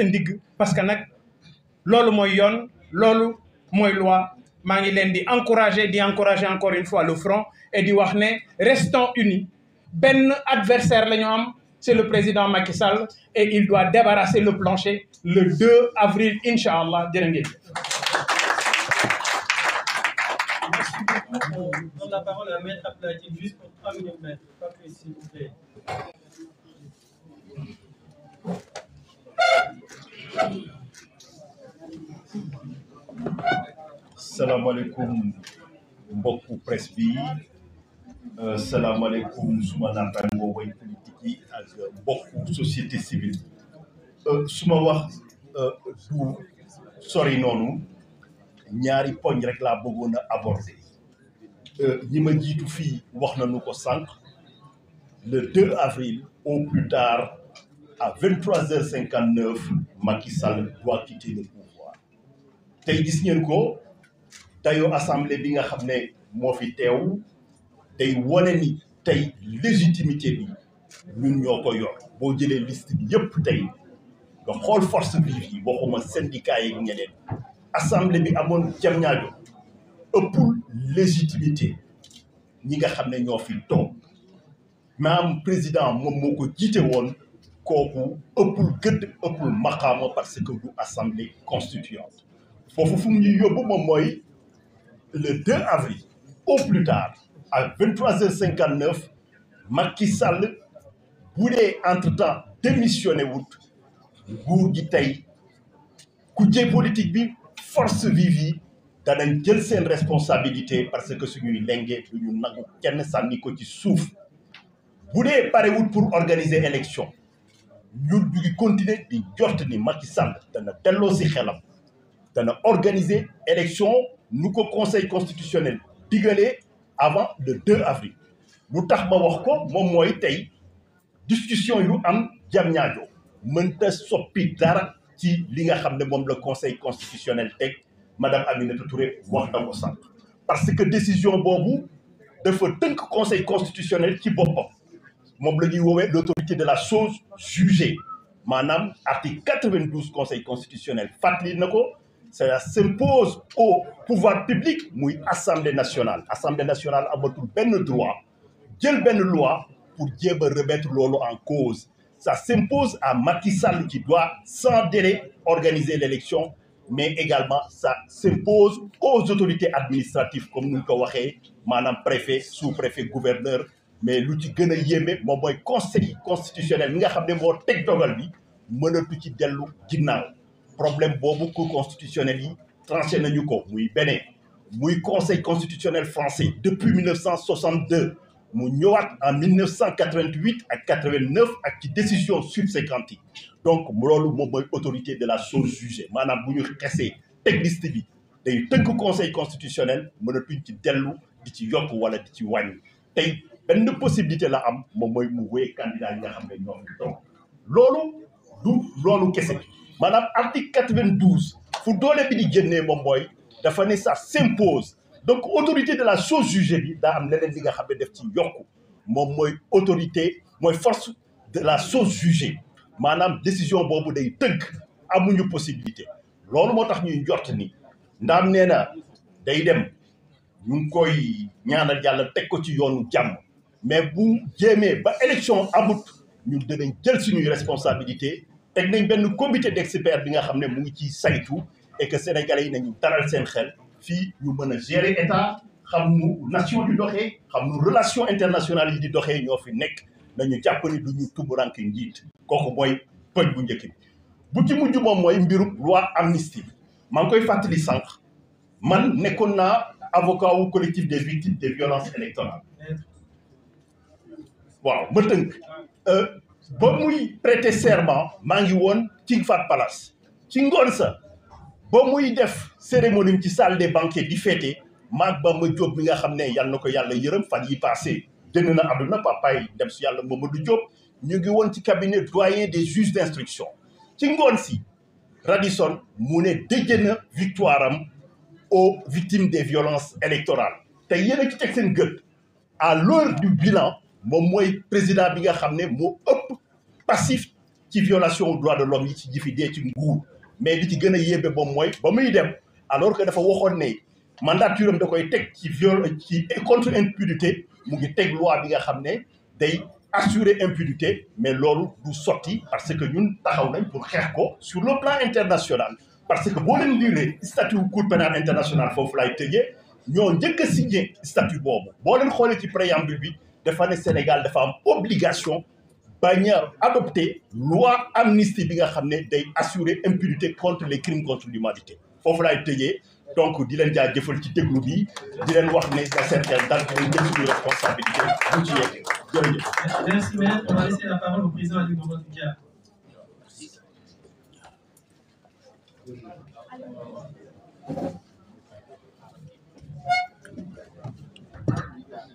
sa ndigg parce que nag loolu mooy yoon loolu mooy loi maa ngi leen di encourager di encourager encore une fois le front et di wax ne restons unis benn adversaire la ñu am c'est le président Macky Sall et il doit débarrasser le plancher le 2 avril incha allah jërë salaamaaleykum mbokku presse bi euh, salaamaaleykum suma naataango way politique yi ak mbokku société civile euh, suma wax euh, du sori noonu ñaari poñ rek laa bëggoon a aborder ñi ma jiitu fii wax nañu ko sànq le 2 avril au plus tard à 23h59 Macky Sall doit quitter le pouvoir tey gis ngeen ko. dayoo assemblée bi nga xam ne moo fi teew tey wane ni tey légitimité bi ñun ñoo ko yor boo jëlee liste bi yëpp tey nga xool force vive yi waxuma syndicat yi ñeneen assemblée bi amoon jam ñaajo ëppul légitimité ñi nga xam ne ñoo fi toog maam président moom moo ko jiite woon kooku ëppul gëdd ëppul maqaama parce que gu assemblée constituante foofu fu mu ñuy yóbbu moom mooy le 2 avril au plus tard à 23h59 Macky Sall bu dee entre-temps démissionné wut nguur gi tey ku jë politique bi force vive yi danañ jël seen responsabilité parce que suñuy lenge du ñu nangu kenn sànni ko ci suuf bu dee pare pour organiser élection ñun du ngi di jort ni Macky Sall dana delloo si xelam dana organiser élection nu ko conseil constitutionnel digalee avant le 2 avril lu tax ma wax ko moom mooy tey discussion yu am jam ñaajo mënta soppi dara ci li nga xam ne moom la conseil constitutionnel teg madame Aminata Touré wax na ko sànq parce que décision boobu dafa tënk conseil constitutionnel ci boppam moom la ñuy woowee l'autorité de la chose jugée maanaam article 92 conseil constitutionnel fàttali na ko cela s'impose au pouvoir public muy assemblée nationale assemblée nationale amatul benn droit jël benn loi pour jéem a loolu en cause ça s'impose à Macky Sall qui doit sans délai organiser l'élection mais également ça s'impose aux autorités administratives comme ni ñu ko waxee maanaam préfet sous-préfet gouverneur mais lu ci gën a yéeme moom mooy conseil constitutionnel mi nga xam ne moo teg dogal bi mënatu ci dellu ginnaaw problème boobu cour constitutionnel yi tranché nañu ko muy beneen muy conseil constitutionnel français depuis 1962 mu ñëwaat en 1988 ak 89 ak ci décision subséquente yi donc loolu moom mooy autorité de la chose jugée maanaam bu ñu xesee technicité bi day tënk conseil constitutionnel mënatuñ ci dellu di ci yokk wala di ci wàññi tey benn possibilité la am moom mooy mu wéy candidat yi nga xam ne ñoo fi loolu du loolu kese maanaam article quatre-vingt-douze fu doole bi di génnee moom mooy dafa ne ça pose donc autorité de la chose jugée bi daa am leneen li nga xam ne def ci yokku moom mooy autorité mooy force de la chose jugée maanaam décision boobu day tëgg amuñu possibilité loolu moo tax ñuy njort ni ndaxam nee na day dem ñu ngi koy ñaanal yàlla teg ko ci yoonu jàmm mais bu jéemee ba élection amut ñun dinañ jël suñuy responsabilité teg nañ benn comité d'experts bi nga xam ne mu ngi ciy saytu et que sénégalais yi nañu taral seen xel fii ñu mën a gérer état xam nu nation di doxee xam nu relation internationale yi di doxee ñoo fi nekk nañu jàpp ni du ñu tuburanke njiit kooku mooy pëj bu njëkk bu ci mujj moom mooy mbirum loi amnistie maa ngi koy fàttali sànq man nekkoon naa avocat wu collectif des victimes des violences électorales waaw ma ba muy prêter serment maa ngi woon King fat Palace ci ngoon sa ba muy def cérémonie ci salle des banquets di fêter maag ba ma Diop mi nga xam ne yal na ko yàlla yërëm fan yi passé génn na na papaay dem si yàlla Mamadou Diop ñu ngi woon ci cabinet doyen des juges d'instruction ci ngoon si Radisson mu ne dëjë na victoire am aux victimes des violences électorales te yéen a ci teg seen gët à du bilan moom mooy président bi nga xam ne moo ëpp passif ci violation droit de l'homme yi ci ji fi dee ci nguur mais li ci gën a yéebe moom mooy ba muy dem alors que dafa waxoon ne mandature am da koy teg ci viol ci contre impunité mu ngi teg loi bi nga xam ne day assurer impunité mais loolu du sotti parce que ñun taxaw nañ pour xeex ko sur le plan international parce que boo leen liiree statut cour pénal international foofu lay tëjee ñoo njëkk a signé statut boobu boo leen xoolee ci préambule bi dafa ne Sénégal dafa am obligation bañ a adopté loi amnistie bi nga xam ne day assurer impunité contre les crimes contre l'humanité foofu laay tëjee donc di leen jaajëfal ci déglu bi di leen wax ne la certaine date ñu jël suñu responsabilité bu ci yeggee jërëjëf. merci maire on va laisser la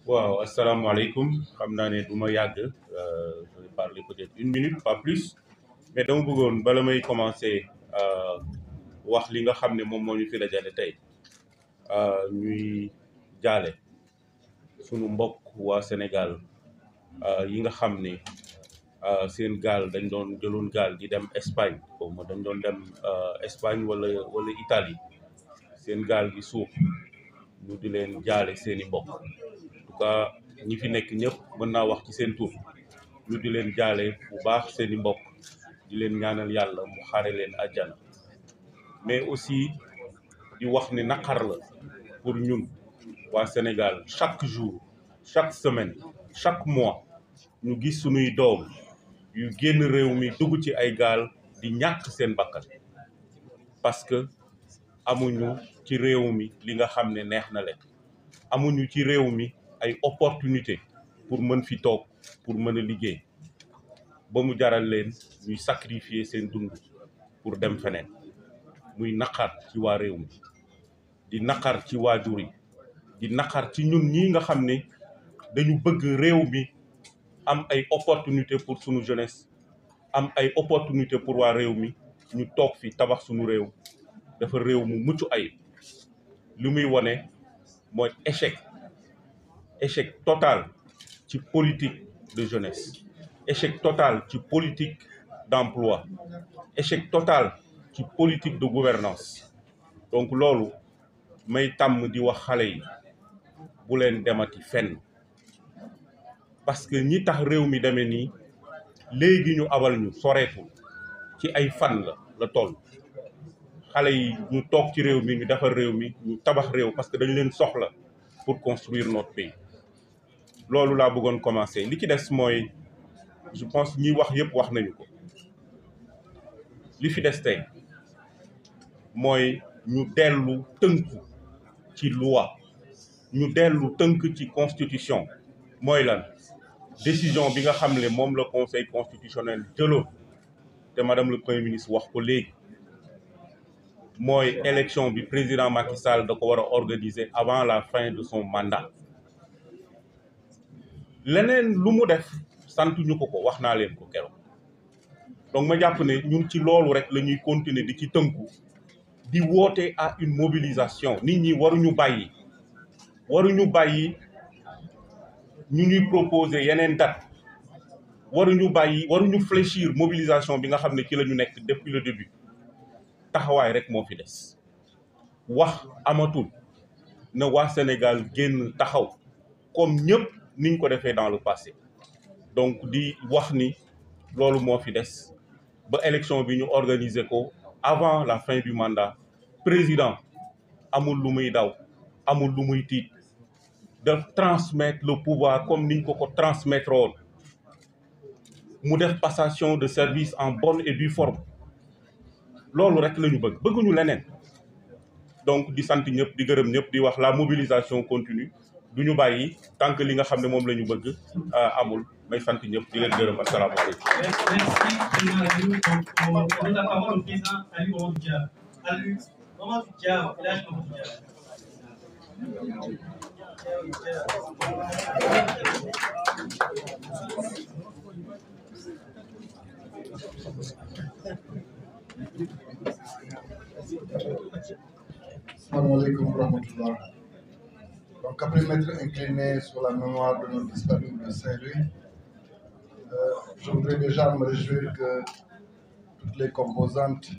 waaw asalaamaaleykum xam naa ne du ma yàgg euh, je vais parler peut pas plus mais dama bëggoon bala may commencer euh, wax li nga xam ne moom moo ñu fi dajale tey euh, ñuy jaale sunu mbokk wa Sénégal yi nga xam ne seen gaal dañ doon jëloon gaal di dem Espagne xaw ma dañ doon dem Espagne wala wala Italie seen gaal gi suuf ñu di leen jaale seeni mbokk tout ñi fi nekk ñëpp mën naa wax ci seen tur ñu di leen jaale bu baax seen i mbokk di leen ñaanal yàlla mu xaare leen àjjana mais aussi di wax ni naqar la pour ñun waa Sénégal chaque jour chaque semaine chaque mois ñu gis sunuy doom yu génn réew mi dugg ci ay gaal di ñàkk seen bakkan parce que amuñu ci réew mi li nga xam ne neex na leen amuñu ci réew mi ay opportunité pour mën fi toog pour mën a liggéey ba mu jaral leen ñuy sacrifier seen dund pour dem feneen muy naqar ci waa réew mi di naqar ci waajur yi di naqar ci ñun ñii nga xam ne dañu bëgg réew mi am ay opportunité pour sunu jeunesse am ay opportunité pour waa réew mi ñu toog fi tabax sunu réew dafa réew mu mucc ayib li muy wone mooy échec échec total ci politique de jeunesse échec total ci politique d'emploi échec total ci politique de gouvernance donc loolu may tàmm di wax xale yi bu leen demati fenn parce que ñi tax réew mi demee nii léegi ñu abal ñu soreetul ci ay fan la la toll xale yi ñu toog ci réew mi ñu defar réew mi ñu tabax réew parce que dañu leen soxla pour construire notre pays loolu laa bëggoon commencer li ci des mooy je pense ñi wax yëpp wax nañu ko li fi des tey mooy ñu dellu tënku ci loi ñu dellu tënk ci constitution mooy lan décision bi nga xam ne moom la conseil constitutionnel jëloon te madame le premier ministre wax ko léegi mooy élection bi président Macky Sall da ko war a organiser avant la fin de son mandat leneen lu mu def sant ñu ko ko wax naa leen ko keroog donc ma jàpp ne ñu ci loolu rek la ñuy continuer di ci tënku di woote à une mobilisation nit ñi waruñu bàyyi waruñu bàyyi ñu ñuy proposer yeneen date waruñu bàyyi waruñu fléchir mobilisation bi nga xam ne ci la ñu nekk depuis le début taxawaay rek moo fi des wax amatul na wax Sénégal génn taxaw kom ñëpp. ni ko defee dans le passé donc di wax ni loolu moo fi des ba élection bi ñu organiser ko avant la fin du mandat président amul lu muy daw amul lu muy tiit de transmetre le pouvoir comme ni ko ko transmettre mu def passation de service en bonne et due forme loolu rek la ñu bëgg bëgguñu leneen donc di sant ñëpp di gërëm ñëpp di wax la mobilisation continue du ñu bàyyi tant li nga xam ne moom lañu ñu bëgg euh, amul may sant ñëpp di leen gërëm asalaamaaleykum. caprimètre incliné sur la mémoire de notre disparu de Saint-Louis. Euh, je voudrais déjà me réjouir que toutes les composantes